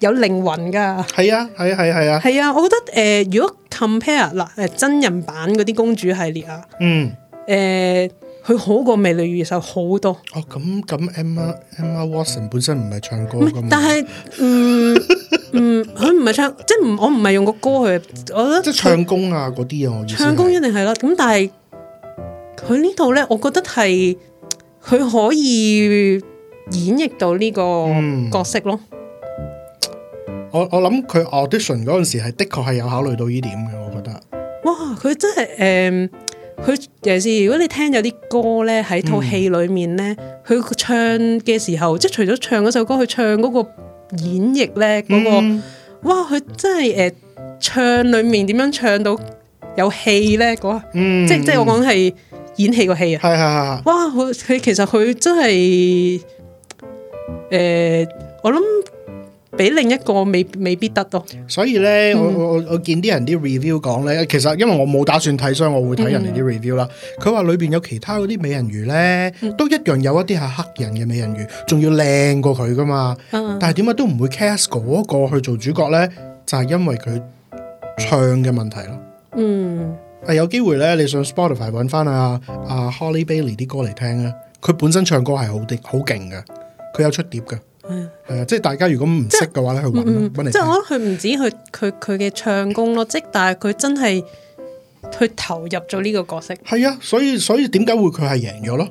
有靈魂噶。係啊，係啊，係啊，係啊，啊，我覺得誒、呃，如果 compare 嗱、呃、誒真人版嗰啲公主系列啊，嗯，誒、呃。佢好過美女與野獸好多。哦，咁咁 Emma Emma Watson 本身唔係唱歌噶嘛？但係，嗯 *laughs* 嗯，佢唔係唱，即係我唔係用個歌去，我覺得即係唱功啊嗰啲啊，我唱功一定係咯。咁但係佢呢度咧，我覺得係佢可以演繹到呢個角色咯。嗯、我我諗佢 audition 嗰陣時係的確係有考慮到呢點嘅，我覺得。哇，佢真係誒。呃佢尤其是如果你聽有啲歌咧，喺套戲裏面咧，佢、嗯、唱嘅時候，即係除咗唱嗰首歌，佢唱嗰個演繹咧、嗰個，嗰個、嗯、哇，佢真係誒、呃、唱裏面點樣唱到有戲咧嗰、嗯，即即係我講係演戲個戲啊，係係係哇，佢佢其實佢真係誒、呃，我諗。俾另一個未未必得到。所以咧，我我我我見啲人啲 review 講咧，其實因為我冇打算睇，所以我會睇人哋啲 review 啦。佢話裏邊有其他嗰啲美人魚咧，都一樣有一啲係黑人嘅美人魚，仲要靚過佢噶嘛。嗯、但係點解都唔會 cast 嗰個去做主角咧？就係、是、因為佢唱嘅問題咯。嗯，誒有機會咧，你上 Spotify 揾返啊啊 Holly Bailey 啲歌嚟聽啊，佢本身唱歌係好啲好勁嘅，佢有出碟嘅。係，誒、嗯，即係大家如果唔識嘅話咧，即去搵，看看即係我諗佢唔止佢佢佢嘅唱功咯，即係 *laughs* 但係佢真係去投入咗呢個角色。係啊，所以所以點解會佢係贏咗咯？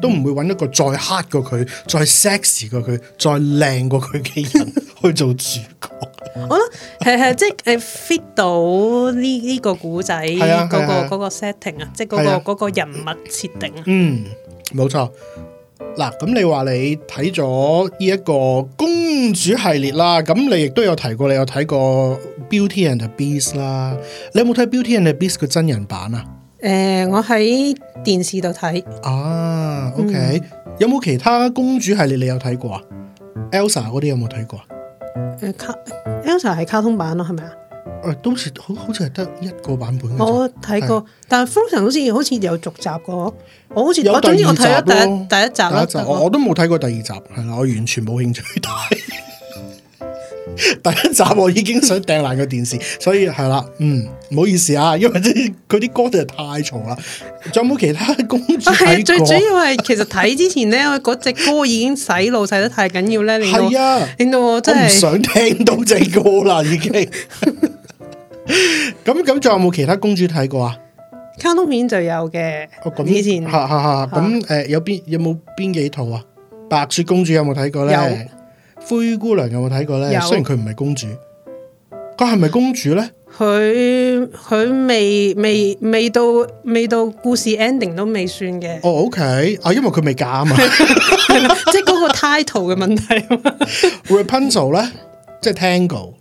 都唔、嗯、會搵一個再黑 a 過佢、再 sexy 過佢、再靚過佢嘅人去做主角、嗯。 *laughs* 我諗係係即係誒 fit 到呢呢個古仔嗰個個 setting 啊，即係嗰個個人物設定啊。嗯，冇錯。嗱，咁你話你睇咗呢一個公主系列啦，咁你亦都有提過，你有睇過 Beauty and the Beast 啦，你有冇睇 Beauty and the Beast 嘅真人版啊？誒、呃，我喺電視度睇。啊，OK、嗯、有冇其他公主系列你有睇過啊？Elsa 嗰啲有冇睇過啊？誒、呃，卡，Elsa 係卡通版咯，係咪啊？誒，當時好好似係得一個版本我睇過，是但係封神好似好似有續集嘅、喔，我好似我總之我睇咗第一第一集、喔、第一集我，我都冇睇過第二集，係啦，我完全冇興趣睇。 *laughs* 第一集我已經想掟爛個電視，所以係啦，嗯，唔好意思啊，因為啲佢啲歌就太嘈啦。仲有冇其他公主睇過？係、啊、最主要係，其實睇之前咧，嗰隻歌已經洗腦洗得太緊要咧。係啊，令到的我真係想聽到隻歌啦，已經。咁咁， *laughs* *laughs* 仲有冇其他公主睇過啊？卡通片就有嘅，哦、以前吓吓咁誒，有邊有冇邊幾套啊？白雪公主有冇睇過咧？有灰姑娘有冇睇過咧？有雖然佢唔係公主，佢係咪公主咧？佢佢未未未到未到故事 ending 都未算嘅。哦，OK，啊，因為佢未嫁啊嘛， *laughs* *laughs* 即係嗰個 title 嘅問題。Rapunzel 咧，即係 Tangled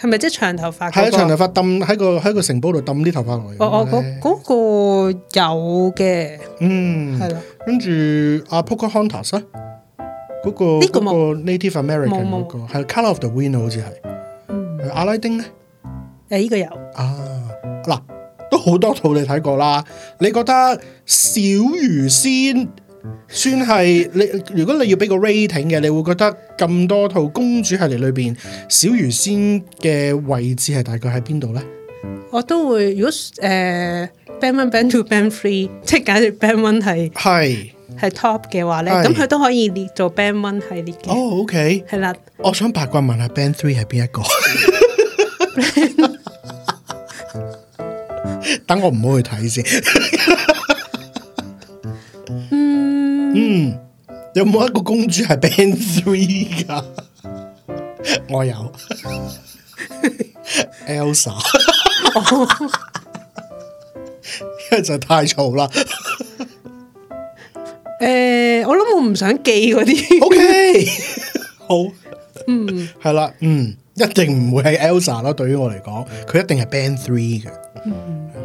係咪即係長頭髮、那個？係、啊、長頭髮，抌喺個喺個城堡度抌啲頭髮落去。哦，嗰、啊、嗰、那個有嘅，嗯，係啦的。跟住阿 Pocahontas 咧。嗰個嗰個 Native American 嗰個係《Color of the Wind》好似係、嗯、阿拉丁咧，誒呢個有啊，嗱，都好多套你睇過啦。你覺得小魚仙算係 *laughs* 你？如果你要俾個 rating 嘅，你會覺得咁多套公主系列裏邊，小魚仙嘅位置係大概喺邊度咧？我都會如果誒 Band One、Band Two、Band Three，即係簡直 Band One 係係。係 top 嘅話咧，咁佢都可以列做 band one 系列嘅。哦，OK，係啦。我想八卦問下 band three 係邊一個？等我唔好去睇先。嗯，有冇一個公主係 band three 噶？我有，Elsa，因為就太嘈啦。誒、呃，我諗我唔想記嗰啲。O K，好，嗯，係啦， *laughs* 嗯，一定唔會係 Elsa 啦。對於我嚟講，佢一定係 Band Three 嘅，係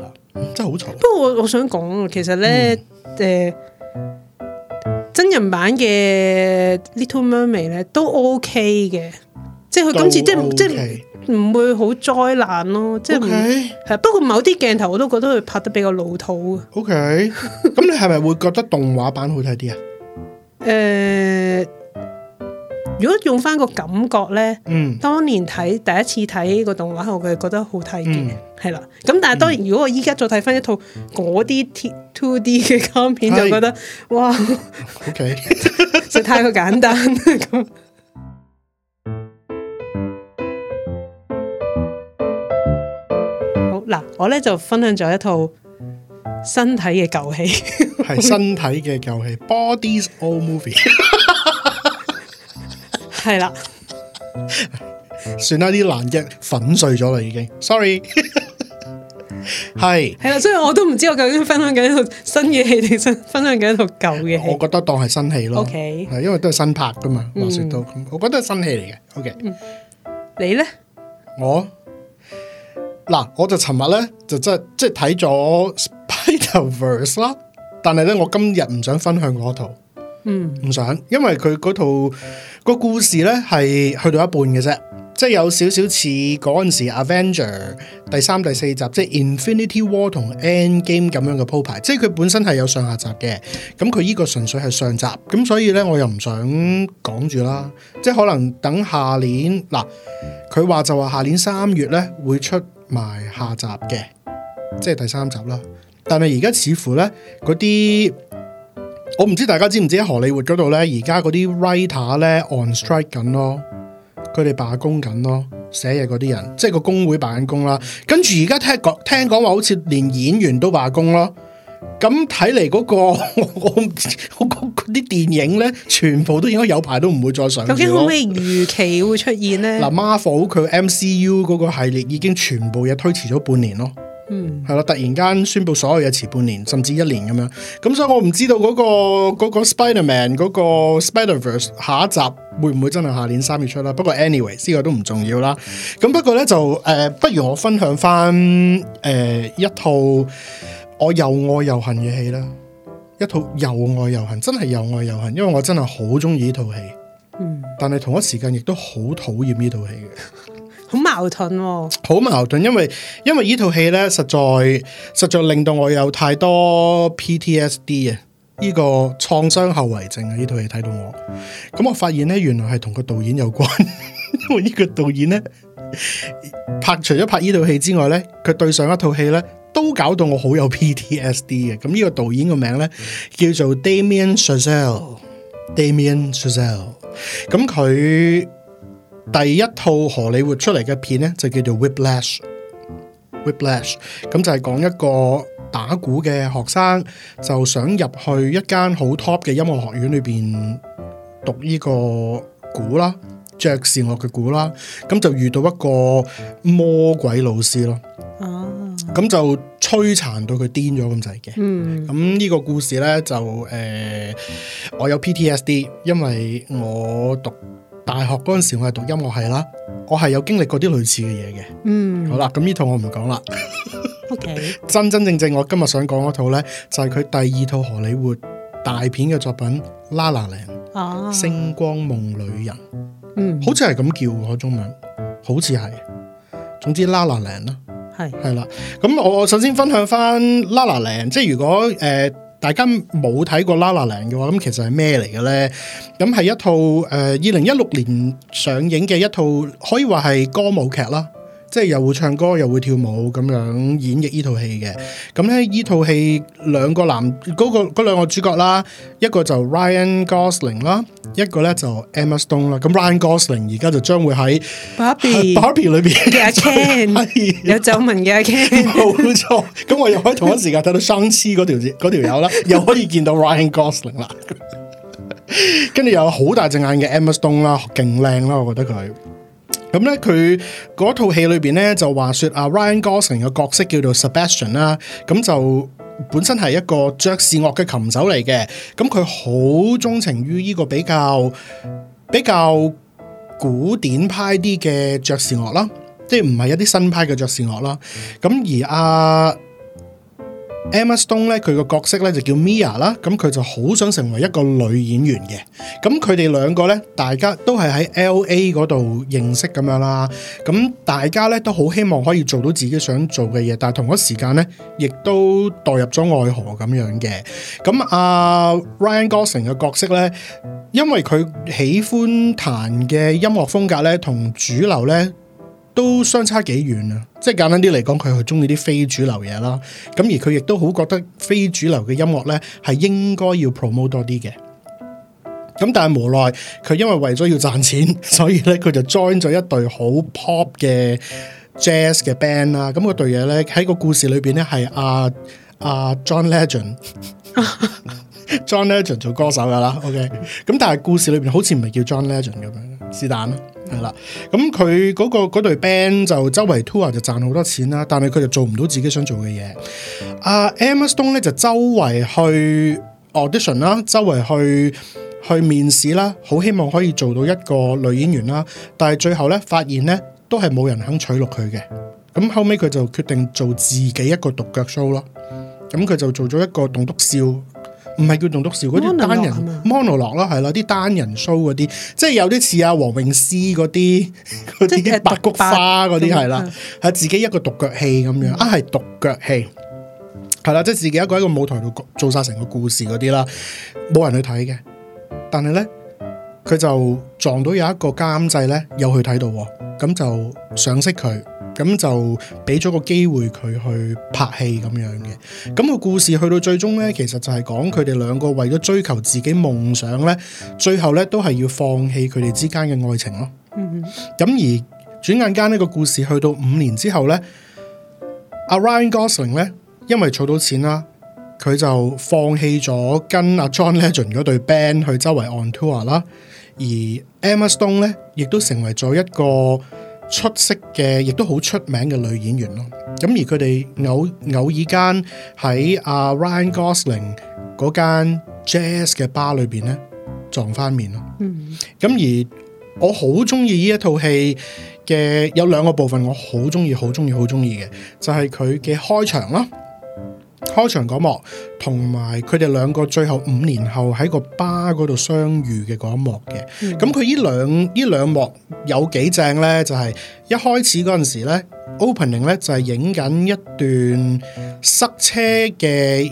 啦、嗯嗯，真係好嘈。不過我想講其實咧，誒、嗯呃，真人版嘅 Little Mermaid 咧都 O K 嘅，即係佢今次 OK 即係即係。即唔會好災難咯，即係，係不過某啲鏡頭我都覺得佢拍得比較老土。O K，咁你係咪會覺得動畫版好睇啲啊？誒、呃，如果用翻個感覺咧，嗯，當年睇第一次睇個動畫，我係覺，覺得好睇嘅，係、嗯、啦。咁但係當然，如果我依家再睇翻一套嗰啲 two D 嘅膠片，嗯、就覺得是哇，O K，就太過簡單。 *laughs* 嗱，我咧就分享咗一套身體嘅舊戲，係身體嘅舊戲，Bodies All Movie，係啦，算啦，啲爛嘢粉碎咗啦，已經，sorry，係係啦，所以我都唔知我究竟分享緊一套新嘅戲定新分享緊一套舊嘅戲，我覺得當係新戲咯，OK，係因為都係新拍噶嘛，話說到咁，我覺得係新戲嚟嘅，OK，你咧，我。嗱，我就尋日咧就真係即係睇咗 Spider Verse 啦，但係咧我今日唔想分享嗰套，嗯，唔想，因為佢嗰套個故事咧係去到一半嘅啫，即係有少少似嗰陣時 Avenger 第三、第四集，即係 Infinity War 同 End Game 咁樣嘅鋪排，即係佢本身係有上下集嘅，咁佢呢個純粹係上集，咁所以咧我又唔想講住啦，即係可能等下年，嗱，佢話就話下年三月咧會出。埋下集嘅，即係第三集啦。但係而家似乎咧，嗰啲我唔知大家知唔知喺荷里活嗰度咧，而家嗰啲 writer 咧 on strike 緊咯，佢哋罷工緊咯，寫嘢嗰啲人，即係個工會罷緊工啦。跟住而家聽講，聽講話好似連演員都罷工咯。咁睇嚟嗰個我我我覺啲電影咧，全部都應該有排都唔會再上映。究竟可唔可以預期會出現咧？嗱 *laughs* ，Marvel 佢 MCU 嗰個系列已經全部嘢推遲咗半年咯，嗯，係咯，突然間宣布所有嘢遲半年，甚至一年咁樣。咁所以我唔知道嗰、嗰個、嗰個 Spider-Man 嗰個 Spider-Verse 下一集會唔會真係下年三月出啦？不過 Anyway，呢個都唔重要啦。咁不過咧就誒、呃，不如我分享翻誒、呃、一套。我又愛又恨嘅戲啦，一套又愛又恨，真係又愛又恨，因為我真係好中意呢套戲，嗯、但係同一時間亦都好討厭呢套戲嘅，好矛盾、哦，好矛盾，因為因為呢套戲咧，實在實在令到我有太多 PTSD 嘅，呢個創傷後遺症啊，呢套戲睇到我，咁我發現咧，原來係同個導演有關，因為呢個導演咧拍除咗拍呢套戲之外咧，佢對上一套戲咧。都搞到我好有 PTSD 嘅，咁呢個導演嘅名咧叫做 Damien Chazelle，Damien Chazelle，咁佢第一套荷里活出嚟嘅片咧就叫做 Whiplash，Whiplash，咁就係講一個打鼓嘅學生就想入去一間好 top 嘅音樂學院裏邊讀呢個鼓啦，爵士樂嘅鼓啦，咁就遇到一個魔鬼老師咯。咁就摧殘到佢癲咗咁滯嘅。嗯，咁呢個故事咧就誒，我有 PTSD，因為我讀大學嗰陣時，我係讀音樂系啦，我係有經歷過啲類似嘅嘢嘅。嗯，好啦，咁呢套我唔講啦。OK，真真正正我今日想講嗰套咧，就係佢第二套荷里活大片嘅作品《La La Land》。哦，《星光夢裡人》。嗯，好似係咁叫個中文，好似係。總之，《La La Land》啦。係啦，咁我首先分享返《La La Land》，即係如果誒、呃、大家冇睇過《La La Land》嘅話，咁其實係咩嚟嘅咧？咁係一套誒二零一六年上映嘅一套，可以話係歌舞劇啦。即係又會唱歌又會跳舞咁樣演繹呢套戲嘅。咁咧呢套戲兩個男嗰個嗰兩個主角啦，一個就 Ryan Gosling 啦，一個咧就 Emma Stone 啦。咁 Ryan Gosling 而家就將會喺 Barbie、啊、Barbie 裏邊嘅阿 Ken， *laughs* *laughs* 有皺紋嘅阿 Ken。冇錯， *laughs* *laughs* 咁我又可以同一時間睇到 Shang-Chi 嗰條嗰條友啦， *laughs* 又可以見到 Ryan Gosling 啦，跟住有好大隻眼嘅 Emma Stone 啦，勁靚啦，我覺得佢。咁咧，佢嗰套戲裏邊咧就話說，阿 Ryan Gosling 嘅角色叫做 Sebastian 啦，咁就本身係一個爵士樂嘅琴手嚟嘅，咁佢好鍾情於呢個比較比較古典派啲嘅爵士樂啦，即係唔係一啲新派嘅爵士樂啦，咁而阿、啊。Emma Stone 咧，佢個角色咧就叫 Mia 啦，咁佢就好想成為一個女演員嘅。咁佢哋兩個咧，大家都係喺 L.A. 嗰度認識咁樣啦。咁大家咧都好希望可以做到自己想做嘅嘢，但係同一時間咧，亦都墮入咗愛河咁樣嘅。咁、啊、阿 Ryan Gosling 嘅角色咧，因為佢喜歡彈嘅音樂風格咧，同主流咧。都相差幾遠啊！即係簡單啲嚟講，佢係中意啲非主流嘢啦。咁而佢亦都好覺得非主流嘅音樂呢係應該要 promote 多啲嘅。咁但係無奈佢因為為咗要賺錢，所以呢，佢就 join 咗一隊好 pop 嘅 jazz 嘅 band 啦。咁嗰隊嘢呢，喺個故事裏邊呢，係阿阿 John Legend。 *laughs* John Legend 做歌手噶啦，OK 咁， *laughs* 但係故事裏邊好似唔係叫 John Legend 咁樣，是但啦，係啦。咁佢嗰個嗰隊 band 就周圍 tour 就賺好多錢啦，但係佢就做唔到自己想做嘅嘢。阿、uh, Emma Stone 咧就周圍去 audition 啦，周圍去去面試啦，好希望可以做到一個女演員啦，但係最後咧發現咧都係冇人肯取錄佢嘅。咁後尾佢就決定做自己一個獨腳 show 咯，咁佢就做咗一個棟篤笑。唔係叫棟篤笑，嗰啲單人 monologue 咯，係咯，啲單人 show 嗰啲，即係有啲似阿黃詠詩嗰啲，嗰啲白菊花嗰啲係啦，係的自己一個獨腳戲咁樣，嗯、啊係獨腳戲，係啦，即係自己一個喺個舞台度做晒成個故事嗰啲啦，冇人去睇嘅，但係咧。佢就撞到有一個監製咧，有去睇到、哦，咁就賞識佢，咁就俾咗個機會佢去拍戲咁樣嘅。咁、個故事去到最終咧，其實就係講佢哋兩個為咗追求自己夢想咧，最後咧都係要放棄佢哋之間嘅愛情咯。咁、mm hmm. 而轉眼間呢個故事去到五年之後咧，阿、啊、Ryan Gosling 咧，因為儲到錢啦，佢就放棄咗跟阿 John Legend 嗰對 band 去周圍 on tour 啦。而 Emma Stone 咧，亦都成為咗一個出色嘅，亦都好出名嘅女演員咯。咁而佢哋偶偶爾間喺阿、uh, Ryan Gosling 嗰間 Jazz 嘅吧裏邊咧撞翻面咯。咁、mm hmm. 而我好中意呢一套戲嘅有兩個部分我，我好中意，好中意，好中意嘅就係佢嘅開場啦。開場嗰幕，同埋佢哋兩個最後五年後喺個巴嗰度相遇嘅嗰一幕嘅，咁佢呢兩呢兩幕有幾正呢？就係一開始嗰陣時呢，opening 呢，就係影緊一段塞車嘅。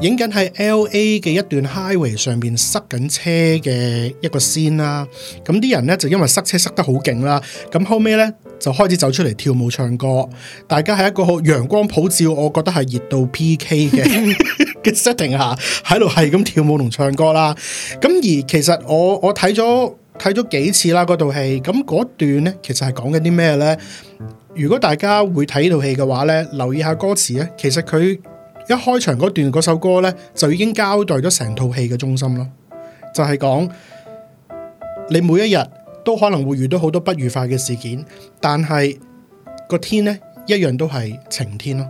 影緊係 L A 嘅一段 highway 上面塞緊車嘅一個 scene 啦，咁啲人呢，就因為塞車塞得好勁啦，咁後尾呢，就開始走出嚟跳舞唱歌，大家喺一個好陽光普照，我覺得係熱到 P K 嘅嘅 *laughs* setting 下，喺度係咁跳舞同唱歌啦。咁而其實我我睇咗睇咗幾次啦嗰套戲，咁嗰段呢，其實係講緊啲咩呢？如果大家會睇呢套戲嘅話呢，留意下歌詞呢，其實佢。一開場嗰段嗰首歌呢，就已經交代咗成套戲嘅中心咯，就係講你每一日都可能會遇到好多不愉快嘅事件，但係個天呢一樣都係晴天咯。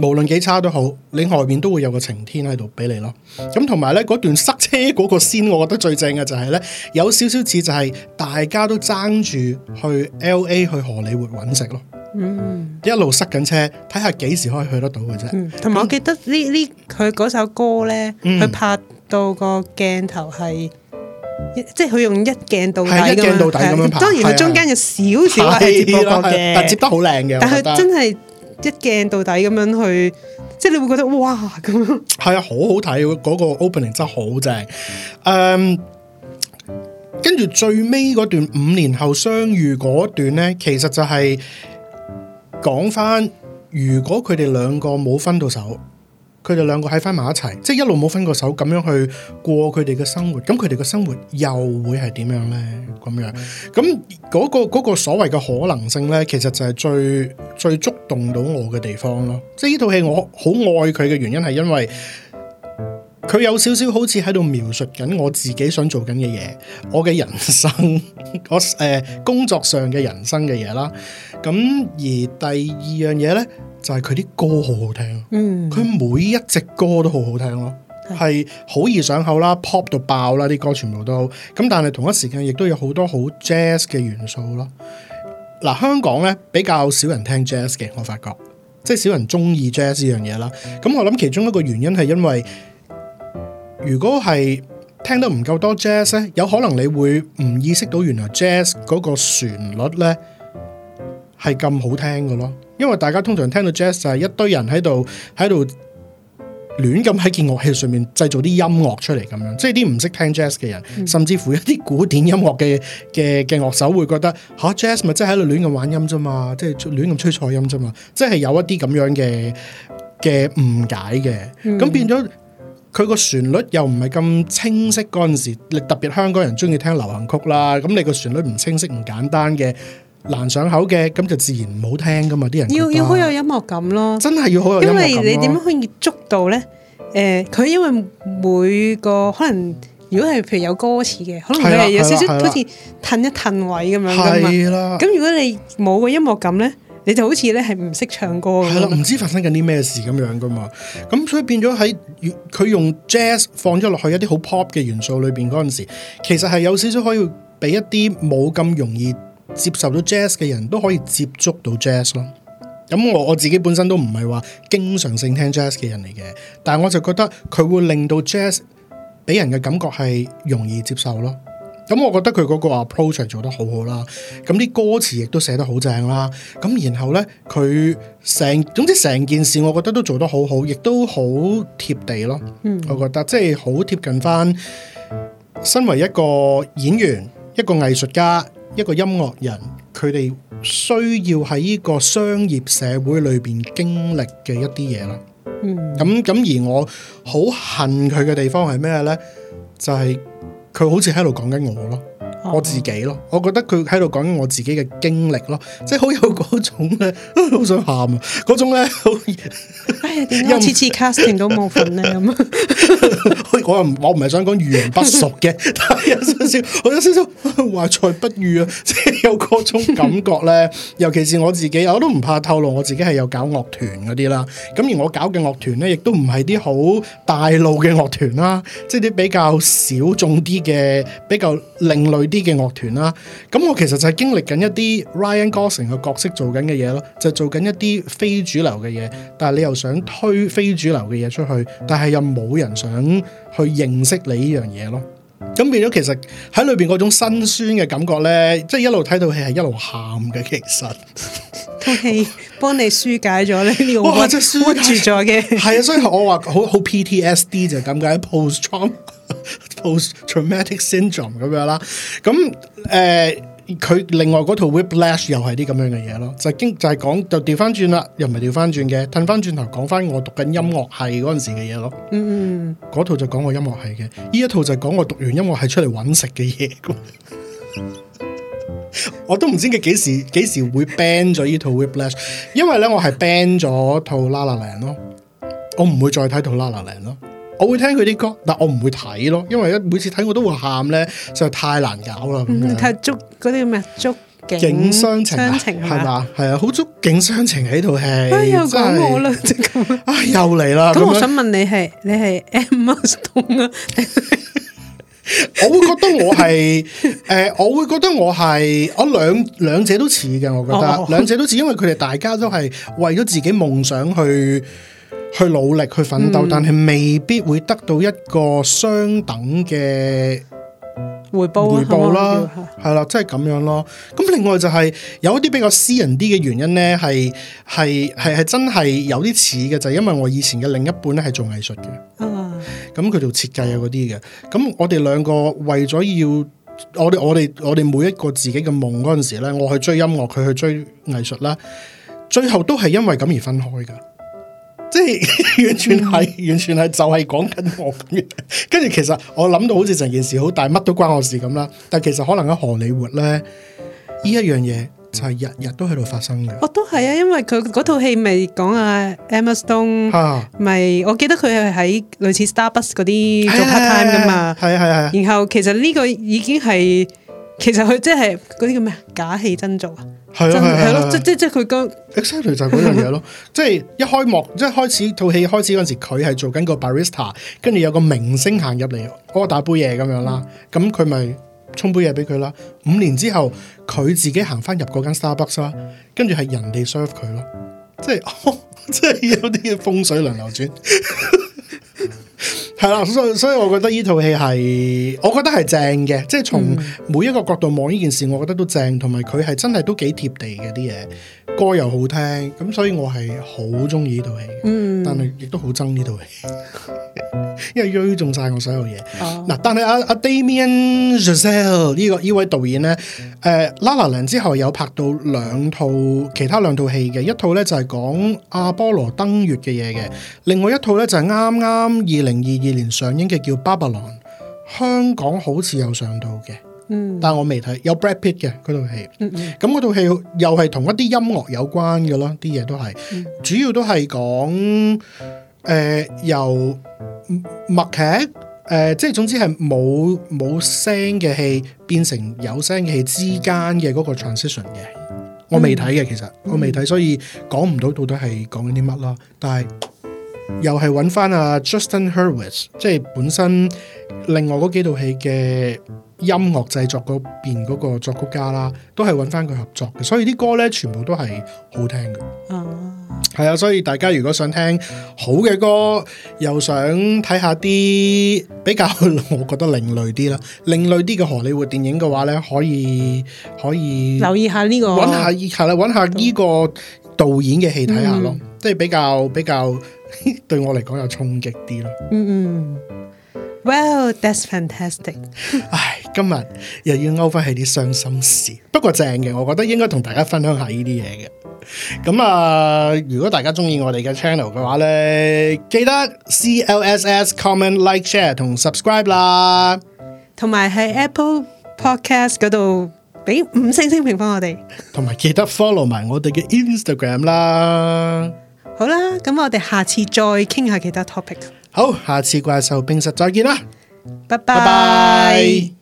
無論幾差都好，你外面都會有個晴天喺度俾你咯。咁同埋呢段塞車嗰個先，我覺得最正嘅就係呢：有少少似就係大家都爭住去 LA 去荷里活揾食咯。嗯，一路塞緊車，睇下幾時可以去得到嘅啫。同埋、嗯，我記得呢呢佢嗰首歌咧，佢、嗯、拍到個鏡頭係，即係佢用一鏡到底到、啊、底咁樣拍，啊、當然佢中間有少少打嘅、啊啊，但接得好靚嘅。但係真係一鏡到底咁樣去，嗯、即係你會覺得哇咁樣。係啊，好好睇，嗰、嗰個 opening 真係好正。誒、嗯，跟住最尾嗰段五年後相遇嗰段咧，其實就係、是。講翻，如果佢哋兩個冇分到手，佢哋兩個喺翻埋一齊，即係一路冇分過手咁樣去過佢哋嘅生活，咁佢哋嘅生活又會係點樣呢？咁樣，咁嗰個嗰個所謂嘅可能性呢，其實就係最最觸動到我嘅地方咯。即係呢套戲，我好愛佢嘅原因係因為。佢有少少好似喺度描述緊我自己想做緊嘅嘢，我嘅人生， *laughs* 我誒、呃、工作上嘅人生嘅嘢啦。咁而第二樣嘢呢，就係佢啲歌好好聽，佢、嗯、每一隻歌都好好聽咯，係好、嗯、是易上口啦的，pop 到爆啦，啲歌全部都咁，但係同一時間亦都有好多好 jazz 嘅元素咯。嗱，香港呢比較少人聽 jazz 嘅，我發覺即係少人中意 jazz 呢樣嘢啦。咁我諗其中一個原因係因為。如果係聽得唔夠多 jazz 咧，有可能你會唔意識到原來 jazz 嗰個旋律咧係咁好聽嘅咯。因為大家通常聽到 jazz 就係一堆人喺度喺度亂咁喺件樂器上面製造啲音樂出嚟咁樣，即係啲唔識聽 jazz 嘅人，嗯、甚至乎一啲古典音樂嘅嘅嘅樂手會覺得吓 jazz 咪即係喺度亂咁玩音咋嘛，即係亂咁吹錯音咋嘛，即係有一啲咁樣嘅嘅誤解嘅，咁、嗯、變咗。佢個旋律又唔係咁清晰嗰陣時，特別香港人中意聽流行曲啦。咁你個旋律唔清晰，唔簡單嘅，難上口嘅，咁就自然唔好聽噶嘛。啲人要要好有音樂感咯，真係要好有音樂感咯。因為你點樣可以捉到咧？誒、呃，佢因為每個可能，如果係譬如有歌詞嘅，可能佢係有少少好似褪一褪位咁樣噶嘛。咁的如果你冇個音樂感咧？你就好似咧，係唔識唱歌，係啦，唔知發生緊啲咩事咁樣噶嘛。咁所以變咗喺佢用 jazz 放咗落去一啲好 pop 嘅元素裏邊嗰陣時，其實係有少少可以俾一啲冇咁容易接受到 jazz 嘅人都可以接觸到 jazz 咯。咁我我自己本身都唔係話經常性聽 jazz 嘅人嚟嘅，但係我就覺得佢會令到 jazz 俾人嘅感覺係容易接受咯。咁我覺得佢嗰個 project 做得好好啦，咁啲歌詞亦都寫得好正啦，咁然後呢，佢成總之成件事，我覺得都做得好好，亦都好貼地咯。嗯，我覺得即係好貼近翻身為一個演員、一個藝術家、一個音樂人，佢哋需要喺呢個商業社會裏邊經歷嘅一啲嘢啦。嗯，咁咁而我好恨佢嘅地方係咩呢？就係、是。佢好似喺度講緊我咯。我自己咯，我覺得佢喺度講緊我自己嘅經歷咯，即係好有種咧，好想喊啊！嗰種咧，好 *laughs* 又、哎、次次 casting 都冇份咧咁啊！我又我唔係想講語言不熟嘅，好 *laughs* 有少少我有少少懷、啊、才不遇啊！即係有嗰種感覺咧， *laughs* 尤其是我自己，我都唔怕透露我自己係有搞樂團啲啦。咁而我搞嘅樂團咧，亦都唔係啲好大路嘅樂團啦，即係啲比較小眾啲嘅，比較另類啲。嘅樂團啦，咁我其實就係經歷緊一啲 Ryan Gosling 嘅角色做緊嘅嘢咯，就是、做緊一啲非主流嘅嘢，但係你又想推非主流嘅嘢出去，但係又冇人想去認識你呢樣嘢咯，咁變咗其實喺裏邊嗰種辛酸嘅感覺咧，即、就、係、是、一路睇到戲係一路喊嘅，其實套戲。 *laughs* 幫你紓解咗你呢個温，緩住咗嘅。係啊，所以我話好好 PTSD 就咁解，post-traumatic post-traumatic syndrome 咁樣啦。咁誒，佢、um, um 呃、另外嗰套 Whiplash 又係啲咁樣嘅嘢咯，就是、經就係、是、講就調翻轉啦，又唔係調翻轉嘅，褪翻轉頭講翻我讀緊音樂系嗰陣時嘅嘢咯。嗯嗯，嗰套就講我音樂系嘅，呢、hmm. 一套就講我，我讀完音樂系出嚟搵食嘅嘢。Mm hmm. *laughs* 我都唔知佢幾時幾時會 ban 咗呢套 Whiplash，因為咧我係 ban 咗套 La La Land 咯，我唔會再睇套 La La Land 咯，我會聽佢啲歌，但我唔會睇咯，因為一每次睇我都會喊咧，就太難搞啦，太、嗯、觸，嗰啲咩觸景，觸景傷情係嘛，係啊，好觸、啊啊、景傷情呢套戲，又講我啦，即係咁，又嚟啦，咁我想問你係你係 M 痛啊？ *laughs* *laughs* 我會覺得我係誒、呃，我會覺得我係我兩兩者都似嘅，我覺得兩、Oh. 者都似，因為佢哋大家都係為咗自己夢想去去努力去奮鬥，嗯、但係未必會得到一個相等嘅。回報啦、啊，係啦、啊，即係咁樣咯。咁另外就係、是、有一啲比較私人啲嘅原因呢，係係係係真係有啲似嘅，就係、是、因為我以前嘅另一半咧係做藝術嘅，咁佢、啊、做設計啊嗰啲嘅。咁我哋兩個為咗要我哋我哋我哋每一個自己嘅夢嗰陣時咧，我去追音樂，佢去追藝術啦，最後都係因為咁而分開噶。即係完全係，完全係、嗯、就係講緊我跟住 *laughs* 其實我諗到好似成件事好大，乜都關我事咁啦。但其實可能喺荷里活咧，呢一樣嘢就係日日都喺度發生嘅。我、哦、都係啊，因為佢嗰套戲咪講阿 Emma Stone 咪我記得佢係喺類似 Starbucks 嗰啲、啊、做 part time 噶嘛，係係係。啊啊、然後其實呢個已經係，其實佢即係嗰啲叫咩啊？假戲真做啊！係 Exactly *noise* 咯係咯，即即即佢個 exactly 就係嗰樣嘢咯，即係一開幕，即係開始套戲開始嗰陣時，佢係做緊個 barista，跟住有個明星行入嚟，我打杯嘢咁樣啦，咁佢咪沖杯嘢俾佢啦。五年之後，佢自己行翻入嗰間 Starbucks 啦，跟住係人哋 serve 佢咯，即係、哦、 *laughs* 即係有啲嘅風水輪流轉。 *laughs* 係啦，所以所以我覺得呢套戲係，我覺得係正嘅，即係從每一個角度望呢件事，嗯、我覺得都正，同埋佢係真係都幾貼地嘅啲嘢，歌又好聽，咁所以我係好中意呢套戲，嗯、但係亦都好憎呢套戲， *laughs* 因為追中晒我所有嘢。嗱、啊啊，但係阿、啊、阿、啊、Damien Chazelle 呢個呢位導演咧，誒、呃、，La La Land 之後有拍到兩套其他兩套戲嘅，一套咧就係、是、講阿波羅登月嘅嘢嘅，哦、另外一套咧就係啱啱二零二二。二年上映嘅叫《Babylon》，香港好似有上到嘅，嗯，但我未睇。有 Brad Pitt《Black Pit》嘅嗰套戲，咁嗰套戲又係同一啲音樂有關嘅咯，啲嘢都係，嗯、主要都係講，誒、呃，由默劇，誒、呃，即係總之係冇冇聲嘅戲變成有聲嘅戲之間嘅嗰個 transition 嘅，嗯、我未睇嘅，其實、嗯、我未睇，所以講唔到到底係講緊啲乜囉，但係。又係揾翻阿 Justin Hurwitz，即係本身另外嗰幾套戲嘅音樂製作嗰邊嗰個作曲家啦，都係揾翻佢合作嘅，所以啲歌咧全部都係好聽嘅。係啊，所以大家如果想聽好嘅歌，又想睇下啲比較我覺得另類啲啦，另類啲嘅荷里活電影嘅話咧，可以可以留意下呢、這個，揾下啦，揾下呢個導演嘅戲睇下咯。嗯所以比較比較對我嚟講有衝擊啲咯。嗯嗯，Well that's fantastic。唉，今日又要勾翻起啲傷心事。不過正嘅，我覺得應該同大家分享下呢啲嘢嘅。咁啊，如果大家中意我哋嘅 channel 嘅話咧，記得 CLSS comment like share 同 subscribe 啦。同埋喺 Apple Podcast 嗰度俾五星星評分我哋。同埋記得 follow 埋我哋嘅 Instagram 啦。好啦，咁我哋下次再傾下其他 topic。好，下次怪獸冰室再見啦，拜拜拜拜。Bye bye。